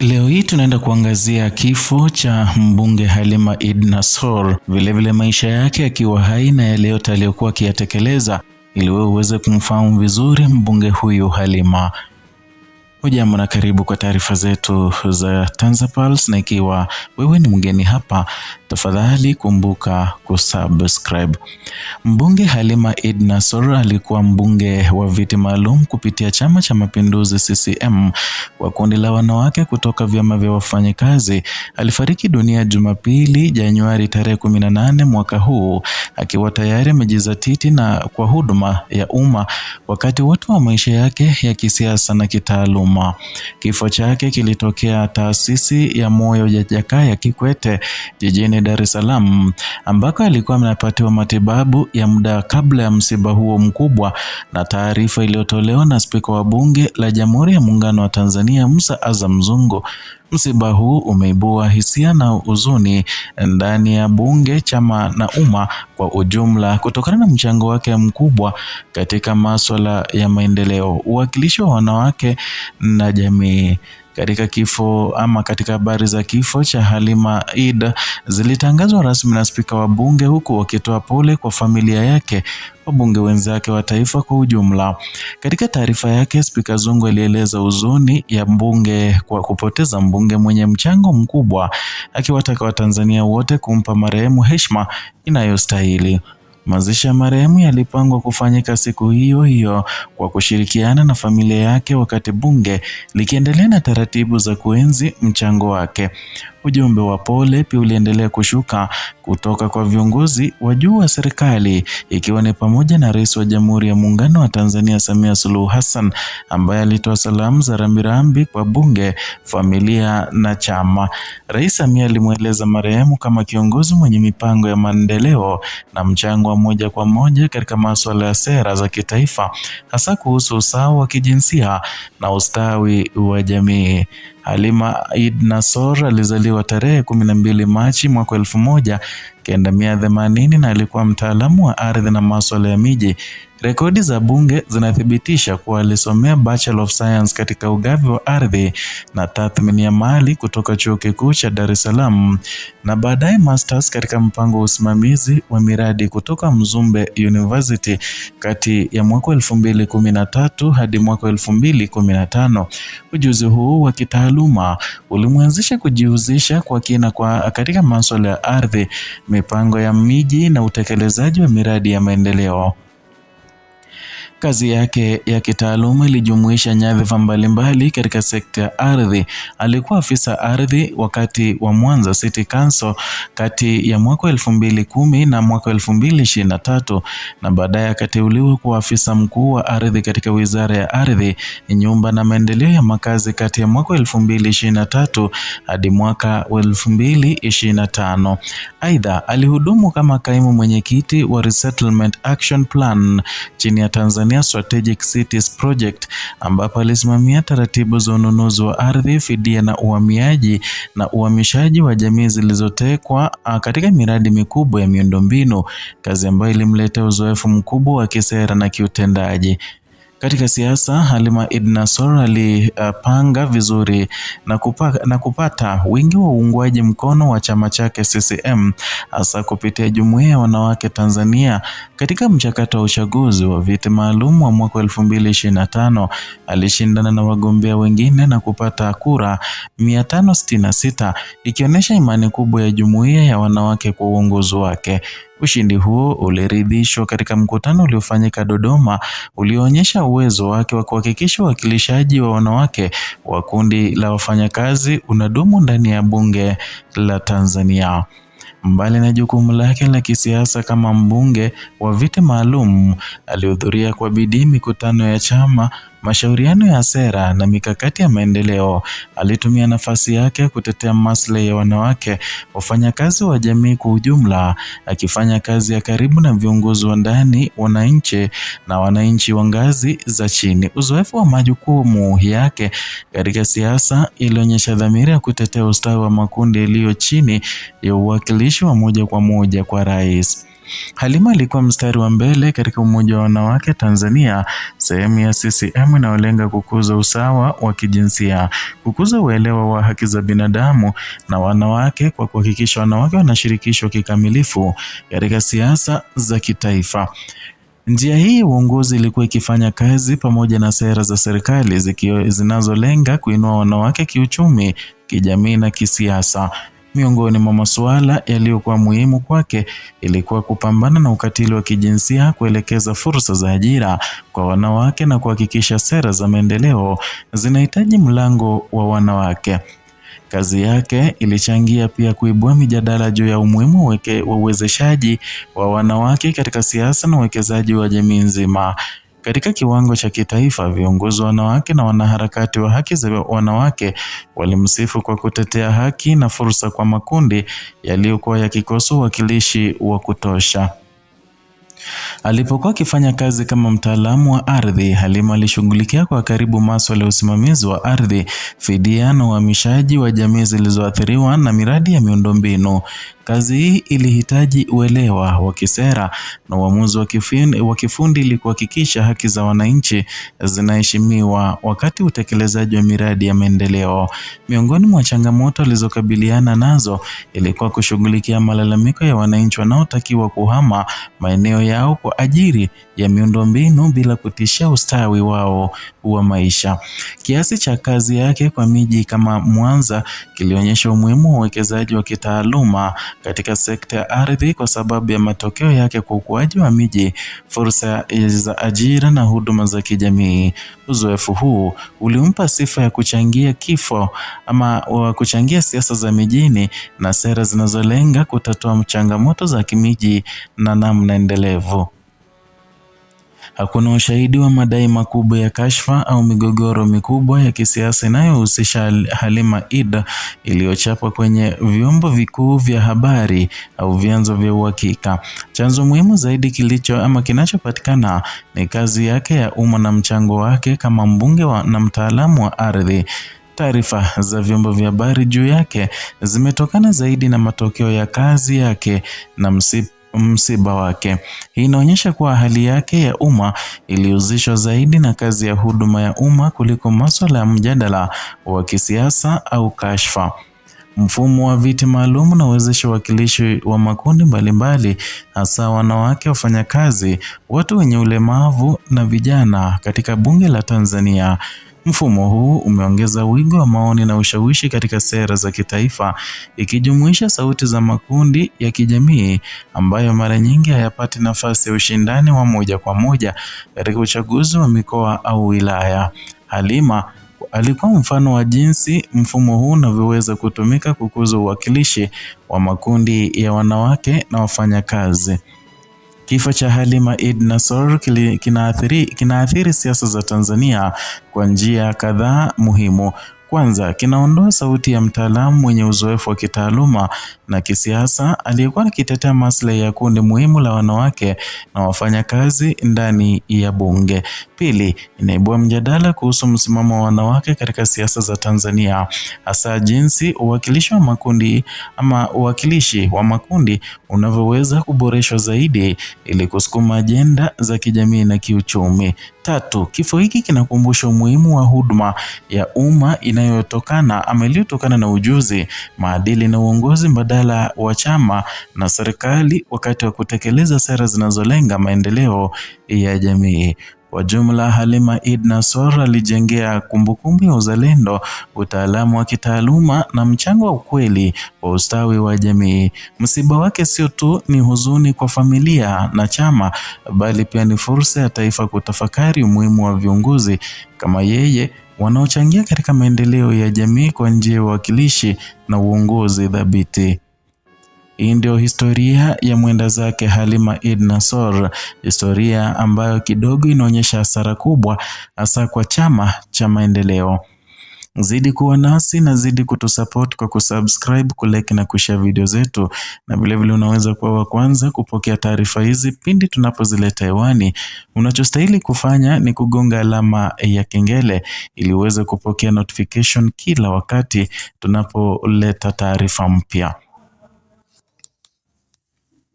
Leo hii tunaenda kuangazia kifo cha mbunge Halima Idd Nassor, vilevile maisha yake akiwa hai na yale yote aliyokuwa akiyatekeleza, ili wewe uweze kumfahamu vizuri mbunge huyu Halima Hujambo na karibu kwa taarifa zetu za TanzaPulse, na ikiwa wewe ni mgeni hapa, tafadhali kumbuka kusubscribe. Mbunge Halima Eid Nassor alikuwa mbunge wa viti maalum kupitia Chama cha Mapinduzi CCM kwa kundi la wanawake kutoka vyama vya wafanyakazi. Alifariki dunia Jumapili, Januari tarehe 18 mwaka huu, akiwa tayari amejizatiti na kwa huduma ya umma wakati wote wa maisha yake ya kisiasa na kitaaluma. Dodoma. Kifo chake kilitokea taasisi ya moyo ya Jakaya Kikwete jijini Dar es Salaam ambako alikuwa amepatiwa matibabu ya muda kabla ya msiba huo mkubwa, na taarifa iliyotolewa na spika wa bunge la Jamhuri ya Muungano wa Tanzania musa Azam Zungu Msiba huu umeibua hisia na huzuni ndani ya bunge, chama na umma kwa ujumla kutokana na mchango wake mkubwa katika masuala ya maendeleo, uwakilishi wa wanawake na jamii katika kifo ama katika habari za kifo cha Halima Ida zilitangazwa rasmi na spika wa bunge huku wakitoa pole kwa familia yake, wabunge wenzake wa taifa kwa ujumla. Katika taarifa yake, Spika Zungu alieleza huzuni ya mbunge kwa kupoteza mbunge mwenye mchango mkubwa, akiwataka Watanzania wote kumpa marehemu heshima inayostahili. Mazishi ya marehemu yalipangwa kufanyika siku hiyo hiyo kwa kushirikiana na familia yake wakati bunge likiendelea na taratibu za kuenzi mchango wake. Ujumbe wa pole pia uliendelea kushuka kutoka kwa viongozi wa juu wa serikali ikiwa ni pamoja na Rais wa Jamhuri ya Muungano wa Tanzania Samia Suluhu Hassan ambaye alitoa salamu za rambirambi kwa bunge, familia na chama. Rais Samia alimweleza marehemu kama kiongozi mwenye mipango ya maendeleo na mchango wa moja kwa moja katika masuala ya sera za kitaifa hasa kuhusu usawa wa kijinsia na ustawi wa jamii. Halima Eid Nasor alizaliwa tarehe 12 Machi mwaka 1980 na alikuwa mtaalamu wa ardhi na masuala ya miji Rekodi za bunge zinathibitisha kuwa alisomea Bachelor of Science katika ugavi wa ardhi na tathmini ya mali kutoka Chuo Kikuu cha Dar es Salaam na baadaye masters katika mpango wa usimamizi wa miradi kutoka Mzumbe University kati ya mwaka 2013 hadi mwaka 2015. Ujuzi huu wa kitaaluma ulimwezesha kujihusisha kwa kina kwa katika masuala ya ardhi, mipango ya miji na utekelezaji wa miradi ya maendeleo. Kazi yake ya kitaaluma ilijumuisha nyadhifa mbalimbali katika sekta ya ardhi. Alikuwa afisa ardhi wakati wa Mwanza City Council kati ya mwaka elfu mbili kumi na mwaka elfu mbili ishirini na tatu na baadaye akateuliwa kuwa afisa mkuu wa ardhi katika Wizara ya Ardhi, Nyumba na Maendeleo ya Makazi kati ya mwaka elfu mbili ishirini na tatu hadi mwaka elfu mbili ishirini na tano. Aidha, alihudumu kama kaimu mwenyekiti wa Resettlement Action Plan chini ya Tanzania Tanzania Strategic Cities Project ambapo alisimamia taratibu za ununuzi wa ardhi, fidia na uhamiaji na uhamishaji wa jamii zilizotekwa ah, katika miradi mikubwa ya miundombinu, kazi ambayo ilimletea uzoefu mkubwa wa kisera na kiutendaji. Katika siasa, Halima Ibn alipanga uh, vizuri na, kupa, na kupata wingi wa uungwaji mkono wa chama chake CCM hasa kupitia jumuiya ya wanawake Tanzania katika mchakato wa uchaguzi wa viti maalum wa mwaka 2025 alishindana na wagombea wengine na kupata kura 566 ikionyesha imani kubwa ya jumuiya ya wanawake kwa uongozi wake. Ushindi huo uliridhishwa katika mkutano uliofanyika Dodoma ulioonyesha uwezo wake wa kuhakikisha uwakilishaji wa wanawake wa kundi la wafanyakazi unadumu ndani ya bunge la Tanzania. Mbali na jukumu lake la kisiasa kama mbunge wa viti maalum, alihudhuria kwa bidii mikutano ya chama mashauriano ya sera na mikakati ya maendeleo. Alitumia nafasi yake kutetea maslahi ya wanawake, wafanyakazi wa jamii kwa ujumla, akifanya kazi ya karibu na viongozi wa ndani, wananchi na wananchi wa ngazi za chini. Uzoefu wa majukumu yake katika siasa ilionyesha dhamira ya kutetea ustawi wa makundi yaliyo chini ya uwakilishi wa moja kwa moja kwa rais. Halima alikuwa mstari wa mbele katika umoja wa wanawake Tanzania, sehemu ya CCM inayolenga kukuza usawa wa kijinsia, kukuza uelewa wa haki za binadamu na wanawake kwa kuhakikisha wanawake wanashirikishwa kikamilifu katika siasa za kitaifa. Njia hii uongozi ilikuwa ikifanya kazi pamoja na sera za serikali zinazolenga kuinua wanawake kiuchumi, kijamii na kisiasa. Miongoni mwa masuala yaliyokuwa muhimu kwake ilikuwa kupambana na ukatili wa kijinsia, kuelekeza fursa za ajira kwa wanawake na kuhakikisha sera za maendeleo zinahitaji mlango wa wanawake. Kazi yake ilichangia pia kuibua mijadala juu ya umuhimu wa uwezeshaji wa wanawake katika siasa na uwekezaji wa jamii nzima. Katika kiwango cha kitaifa, viongozi wanawake na wanaharakati wa haki za wanawake walimsifu kwa kutetea haki na fursa kwa makundi yaliyokuwa yakikosa uwakilishi wa kutosha. Alipokuwa akifanya kazi kama mtaalamu wa ardhi, Halima alishughulikia kwa karibu masuala ya usimamizi wa ardhi, fidia na uhamishaji wa jamii zilizoathiriwa na miradi ya miundombinu. Kazi hii ilihitaji uelewa wa kisera na uamuzi wa kifundi ili kuhakikisha haki za wananchi zinaheshimiwa wakati utekelezaji wa miradi ya maendeleo. Miongoni mwa changamoto alizokabiliana nazo ilikuwa kushughulikia malalamiko ya wananchi wanaotakiwa kuhama maeneo yao kwa ajili ya miundombinu bila kutishia ustawi wao wa maisha. Kiasi cha kazi yake kwa miji kama Mwanza kilionyesha umuhimu wa uwekezaji wa kitaaluma katika sekta ya ardhi kwa sababu ya matokeo yake kwa ukuaji wa miji, fursa za ajira na huduma za kijamii. Uzoefu huu ulimpa sifa ya kuchangia kifo ama wa kuchangia siasa za mijini na sera zinazolenga kutatua changamoto za kimiji na namna endelevu. Hakuna ushahidi wa madai makubwa ya kashfa au migogoro mikubwa ya kisiasa inayohusisha Halima Eda iliyochapwa kwenye vyombo vikuu vya habari au vyanzo vya uhakika. Chanzo muhimu zaidi kilicho ama kinachopatikana ni kazi yake ya umma na mchango wake kama mbunge wa na mtaalamu wa ardhi. Taarifa za vyombo vya habari juu yake zimetokana zaidi na matokeo ya kazi yake na msiba msiba wake. Hii inaonyesha kuwa hali yake ya umma ilihusishwa zaidi na kazi ya huduma ya umma kuliko masuala ya mjadala wa kisiasa au kashfa. Mfumo wa viti maalum na uwezesha uwakilishi wa makundi mbalimbali, hasa wanawake, wafanyakazi, watu wenye ulemavu na vijana katika bunge la Tanzania. Mfumo huu umeongeza wigo wa maoni na ushawishi katika sera za kitaifa, ikijumuisha sauti za makundi ya kijamii ambayo mara nyingi hayapati nafasi ya ushindani wa moja kwa moja katika uchaguzi wa mikoa au wilaya. Halima alikuwa mfano wa jinsi mfumo huu unavyoweza kutumika kukuza uwakilishi wa makundi ya wanawake na wafanyakazi. Kifo cha Halima Eid Nassor kinaathiri, kinaathiri siasa za Tanzania kwa njia kadhaa muhimu. Kwanza, kinaondoa sauti ya mtaalamu mwenye uzoefu wa kitaaluma na kisiasa aliyekuwa akitetea maslahi ya kundi muhimu la wanawake na wafanyakazi ndani ya bunge. Pili, inaibua mjadala kuhusu msimamo wa wanawake katika siasa za Tanzania, hasa jinsi uwakilishi wa makundi ama uwakilishi wa makundi unavyoweza kuboreshwa zaidi ili kusukuma ajenda za kijamii na kiuchumi. Tatu, kifo hiki kinakumbusha umuhimu wa huduma ya umma ina inayotokana ama iliyotokana na ujuzi, maadili na uongozi mbadala wa chama na serikali wakati wa kutekeleza sera zinazolenga maendeleo ya jamii. Kwa jumla, Halima Eid Nassor alijengea kumbukumbu ya uzalendo, utaalamu wa kitaaluma na mchango wa ukweli wa ustawi wa jamii. Msiba wake sio tu ni huzuni kwa familia na chama, bali pia ni fursa ya taifa kutafakari umuhimu wa viongozi kama yeye wanaochangia katika maendeleo ya jamii kwa njia ya uwakilishi na uongozi dhabiti. Hii ndio historia ya mwenda zake Halima Eid Nassor, historia ambayo kidogo inaonyesha hasara kubwa hasa kwa chama cha maendeleo. Zidi kuwa nasi na zidi kutusupport kwa kusubscribe, kulike na kushare video zetu, na vilevile unaweza kuwa wa kwanza kupokea taarifa hizi pindi tunapozileta hewani. Unachostahili kufanya ni kugonga alama ya kengele ili uweze kupokea notification kila wakati tunapoleta taarifa mpya.